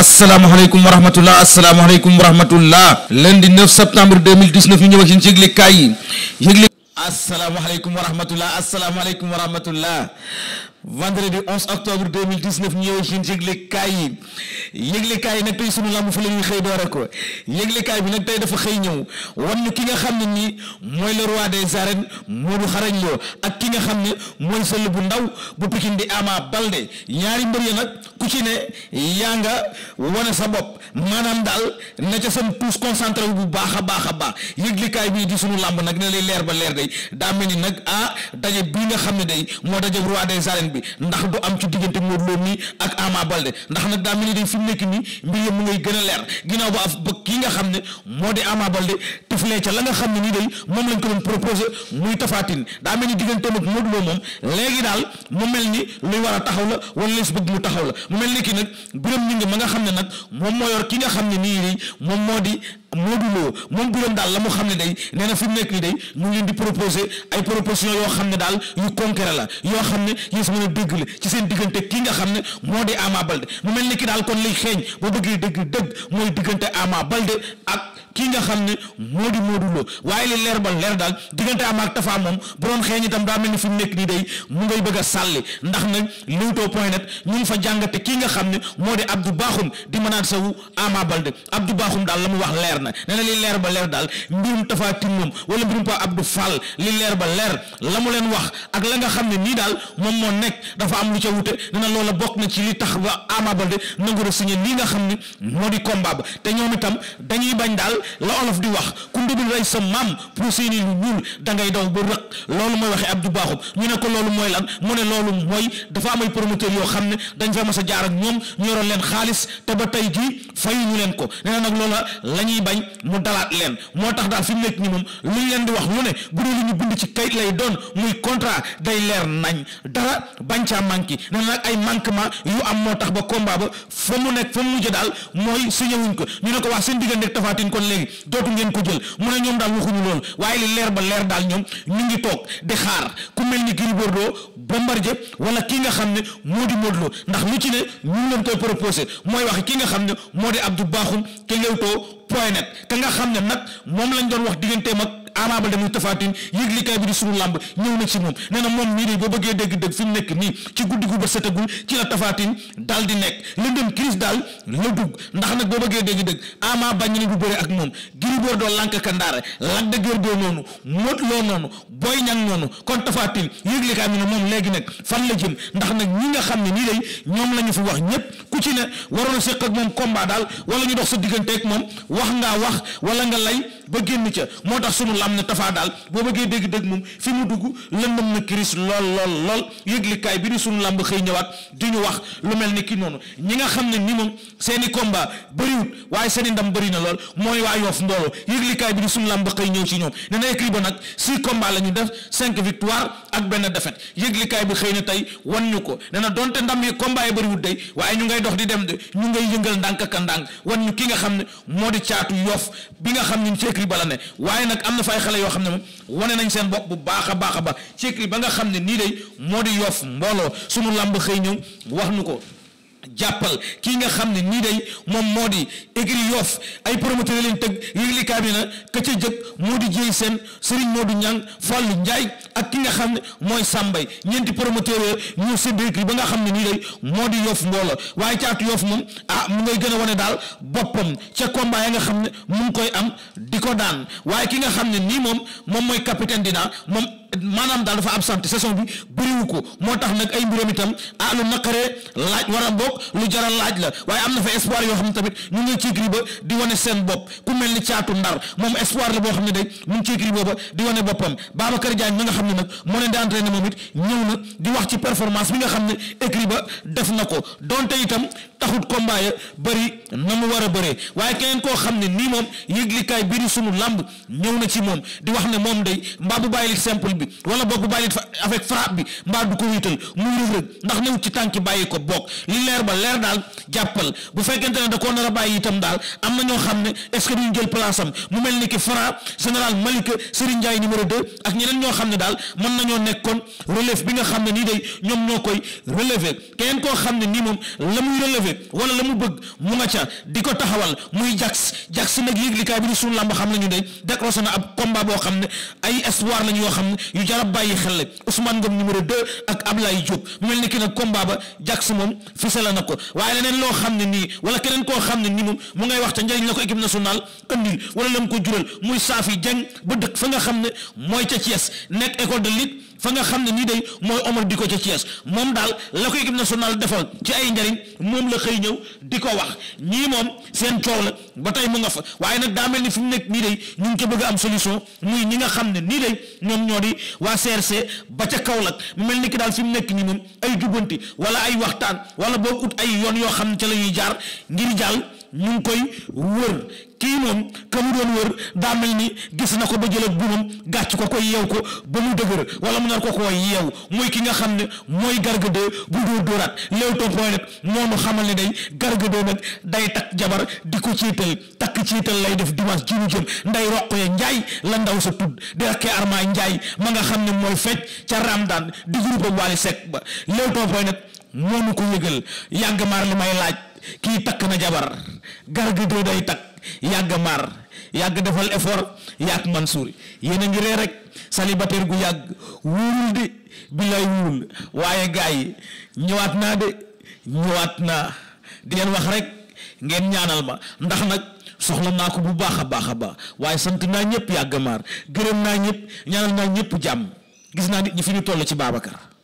asalaamaaleykum wa rahmatullah asalaamaaleykum wa rahmatullah lundi 9 septembre 2019 ñu ñëw ak yéen ci yëgle kaay yi yëgle asalaamaaleykum wa rahmatullah asalaamaaleykum wa rahmatullah vendredi 11 octobre 2019 ñëw ci yëglekaay yi yëglekaay yi nag tey sunu lamb fa la ñuy xëy doore ko yëglekaay bi nag tey dafa xëy ñëw wan ñu ki nga xam ne nii mooy le roi des arènes Modou Xarañ Lo ak ki nga xam ne mooy sëll bu ndaw bu Pikine di Ama Baldé ñaari mbër ya nag ku ci ne yaa nga wane sa bopp maanaam daal na ca seen tous concentré bu baax a baax a baax yëglekaay bii di suñu lamb nag ne lay leer ba leer day daa mel ni nag ah daje bii nga xam ne day moo daje roi des arènes bi bi ndax du am ci diggante Modou Lo ak Ama Baldé ndax nag daa mel ni fi nekk nii mbir yi mu ngay gën a leer ginnaaw ba af ba kii nga xam ne moo di Ama Baldé tëflee ca la nga xam ne nii day moom lañ ko doon proposé muy tafaatin daa mel ni digganteem ak Modou Lo moom léegi daal mu mel ni luy war a taxaw la wala lees bëgg mu taxaw la mu mel ni ki nag biram ñi ngi ma nga xam ne nag moom moo yor ki nga xam ne nii moom moo di Modou Lo moom Birame daal la mu xam ne day nee na fi mu nekk nii day mu ngi leen di proposer ay proposition yoo xam ne daal yu concret la yoo xam ne yéen sa mën a dégg la ci seen diggante kii nga xam ne moo di Ama Baldé mu mel ni ki daal kon lay xeeñ boo bëggee dégg dëgg mooy diggante Ama Baldé ak kii nga xam ne moo di Modou Lo waaye li leer ba leer daal diggante am ak Tafa moom bu doon xeeñ itam daa mel ni fi mu nekk nii day mu ngay bëgg a sàlli ndax nag Leewtoo point net ñu ngi fa jàngate kii nga xam ne moo di Abdou Bakhoum di mënaat sawu Ama Baldé Abdou Bakhoum daal la mu wax leer leer na nee na li leer ba leer daal mbirum la mu la nga xam ne nii daal moom moo nekk dafa am lu ca wute nee na loola bokk na ci li tax ba Ama Baldé nangu ba te la olof di wax ku ndugul rey sa maam pour seeni lu ñuul da ngay ba rëq loolu mooy waxee Abdou Bakhoum ne ko loolu mooy lan mu ne loolu mooy dafa am ay promoteur yoo xam ne dañ fa mas a jaar ak ñoom ñu yoroon leen xaalis te ba tey jii fay ñu leen ko nee nag loola lañuy bañ mu dalaat leen moo tax daal fi mu nekk ni moom luñ leen di wax lu ne bu dee lu ñu bind ci kayit lay doon muy contrat day leer nañ dara bañ caa manqué nee nag ay manquement yu am moo tax ba combat ba fa mu nekk fa mu mujj daal mooy signé wuñ ko ñu ne ko wax seen diggante Tapha Tine kon léegi dootu ngeen ko jël mu ne ñoom daal waxuñu loolu waaye li leer ba leer daal ñoom ñu ngi toog di xaar ku mel ni Gris Bordeaux Bombardier wala ki nga xam ne moo di Modou Lo ndax ci ne ñu ngi leen koy mooy wax ki nga xam ne moo di Abdou Bakhoum te point net ka nga xam ne nag moom lañ doon wax digganteem ak Ama ba muy Tapha Tine yëglikaay bi di sunu làmb ñëw na ci moom nee moom mii de boo bëggee dégg-dégg fi mu nekk nii ci guddi gu ba setagul ci la Tapha Tine daal di nekk lëndëm crise daal la dugg ndax nag boo bëggee dégg-dégg Ama bañ na bu bëree ak moom Gris Bordeaux lànk kandaare Lac de Guiers noonu Modou Lo noonu Boy Niang noonu kon Tapha Tine yëglikaay bi ne moom léegi nag fan la jëm ndax nag ñi nga xam ne nii day ñoom la ñu fi wax ñëpp ku ci ne waroon a séq ak moom combat daal wala ñu dox sa diggante ak moom wax wax wala nga lay ba génn ca moo tax sunu làmb xam ne tafaa daal boo bëggee dégg-dégg moom fi mu dugg lëndëm na kiris lool lool lool yëglikaay bi di sunu ñu wax mel ni ki noonu ñi nga xam ne ni moom seen i combat bëriwut waaye ndam bëri na lool mooy waa yoof mbooloo yëglikaay bi di sunu làmb xëy ñëw ci ñoom nee na écrit nag six combat la ñu def cinq victoire ak benn défaite yëglikaay bi xëy na tey wan ñu ko nee donte ndam yi combat yi bëriwut day waaye ñu ngay dox di dem de ñu ngay yëngal ndànk ak ndànk wan ñu ki nga xam ne moo di caatu yoof bi nga xam ne ci écrit ba ne waaye nag am na fa xale yoo xam ne moom wane nañ seen bopp bu baax a baax a baax ci écrit ba nga xam ne nii day moo di yof mbooloo sunu làmb xëy ñëw wax nu ko jàppal kii nga xam ne nii day moom moo di écurie Yoff ay promoteur yi leen tëgg yëglikaay bi na ka ca jëkk moo di jéy seen moo du Niang Fallou Ndiaye ak ki nga xam ne mooy Sambay ñeenti promoteur yooyu ñoo sédd écurie ba nga xam ne nii day moo di Yoff mboola waaye caatu Yoff moom ah mu ngay gën a wane daal boppam ca combat ya nga xam ne mu ngi koy am di ko daan waaye ki nga xam ne nii moom moom mooy capitaine dina moom maanaam daal dafa absente saison bi bëriwu ko moo tax nag ay mbiram itam ah lu naqaree laaj war a bokk lu jaral laaj la waaye am na fa espoir yoo xam ne tamit ñu ngi ci gri di wane seen bopp ku mel ni caatu ndar moom espoir la boo xam ne day mu ngi ci gri booba di wane boppam Babacar Diagne mi nga xam ne nag moo leen di entraîné moom it ñëw na di wax ci performance bi nga xam ne écrit ba def na ko donte itam taxut combat ya bëri na mu war a bëree waaye keneen koo xam ne nii moom yëglikaay bii di sunu làmb ñëw na ci moom di wax ne moom day mbaa bu bàyyi bi wala boog bu bàyyi fa avec frappe bi mbaa du ko wiital muy Reug Reug ndax new ci tànki bàyyi ko boog li leer ba leer daal jàppal bu fekkente ne da koo nar a bàyyi itam daal am na ñoo xam ne est-ce que duñ jël place am mu mel ni ki Franc général Malika Serigne Ndiaye numéro 2 ak ñeneen ñoo xam ne daal mën nañoo nekkoon relève bi nga xam ne nii day ñoom ñoo koy relever keneen koo xam ne nii moom la muy relever wala la mu bëgg mu nga ca di ko taxawal muy yu jar a bàyyi xel Ousmane Ngom numéro 2 ak Ablaye Diop mu mel ni ki nag combat ba Jax moom fisala na ko waaye leneen loo xam ne nii wala keneen koo xam ne nii moom mu ngay wax te njëriñ la ko équipe nationale andil wala la mu ko jural muy Safi Dieng ba dëkk fa nga xam ne mooy ca Thiès nekk école de lutte fa nga xam ne nii day mooy Omar di ko ca Thiès moom daal la ko équipe nationale defal ci ay njariñ moom la xëy ñëw di ko wax ñii moom seen coow la ba tey mu nga fa waaye nag daa mel ni fi mu nekk nii day ñu ngi ca bëgg a am solution muy ñi nga xam ne nii day ñoom ñoo di waa CRC ba ca mu mel ni ki daal fi mu nekk nii moom ay jubbanti wala ay waxtaan wala boo ut ay yoon yoo xam ne ca la ñuy jaar ngir jàll ñu koy wër kii moom ka wër daa mel ni gis na ko ba jël ak buumam gàcc ko koy yeew ko ba mu dëgër wala mu nar ko koo yeew mooy ki nga xam ne mooy Garga 2 bu dóor dóoraat Leewtoo xamal ne day Garga 2 nag day takk jabar di ko ciital takk ciital lay def dimanche ji ñu jëm nday roq ya njaay la ndaw sa tudd di rakkee armaa njaay ma nga xam ne mooy fecc ca Ramadaan di groupe Wally Seck ba Leewtoo point net noonu ko yëgal yàgg maar li may laaj kii takk na jabar garga doo day takk yàgg maar yàgg defal effort yàgg Mansour yéen a ngi ree rek célibataire gu yàgg wóorul de billaay wóorul waaye gars yi ñëwaat naa de ñëwaat naa di leen wax rek ngeen ñaanal ma ndax nag soxla naa ko bu baax a baax a baax waaye sant naa ñëpp yàgg maar gërëm naa ñëpp ñaanal naa ñëpp jàmm gis naa nit ñi fi ñu toll ci Babacar